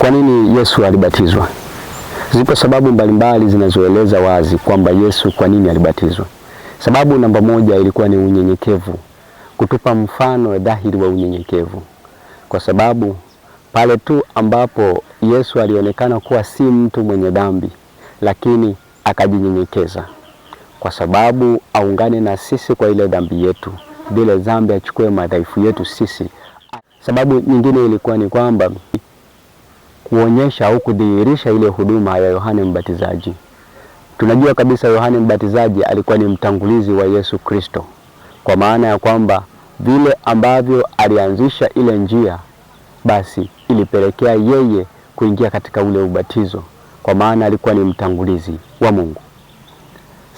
Kwa nini Yesu alibatizwa? Zipo sababu mbalimbali zinazoeleza wazi kwamba Yesu kwa nini alibatizwa. Sababu namba moja ilikuwa ni unyenyekevu, kutupa mfano dhahiri wa unyenyekevu, kwa sababu pale tu ambapo Yesu alionekana kuwa si mtu mwenye dhambi, lakini akajinyenyekeza kwa sababu aungane na sisi kwa ile dhambi yetu, bila dhambi achukue madhaifu yetu sisi. Sababu nyingine ilikuwa ni kwamba kuonyesha au kudhihirisha ile huduma ya Yohane Mbatizaji. Tunajua kabisa Yohane Mbatizaji alikuwa ni mtangulizi wa Yesu Kristo, kwa maana ya kwamba vile ambavyo alianzisha ile njia, basi ilipelekea yeye kuingia katika ule ubatizo, kwa maana alikuwa ni mtangulizi wa Mungu.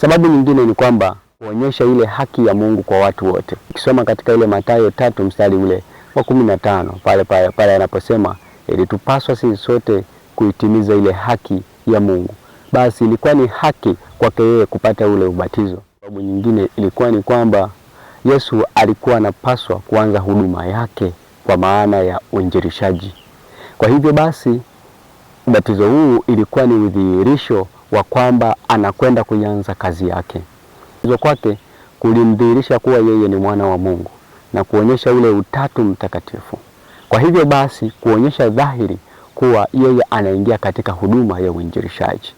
Sababu nyingine ni kwamba kuonyesha ile haki ya Mungu kwa watu wote. Ukisoma katika ile Mathayo tatu mstari ule wa kumi na tano pale pale pale anaposema ilitupaswa sisi sote kuitimiza ile haki ya Mungu. Basi ilikuwa ni haki kwake yeye kupata ule ubatizo. Sababu nyingine ilikuwa ni kwamba Yesu alikuwa anapaswa kuanza huduma yake kwa maana ya uinjilishaji. Kwa hivyo basi ubatizo huu ilikuwa ni udhihirisho wa kwamba anakwenda kuanza kazi yake. Hizo kwake kulimdhihirisha kuwa yeye ni mwana wa Mungu na kuonyesha ule utatu mtakatifu. Kwa hivyo basi kuonyesha dhahiri kuwa yeye anaingia katika huduma ya uinjilishaji.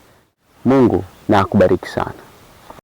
Mungu na akubariki sana.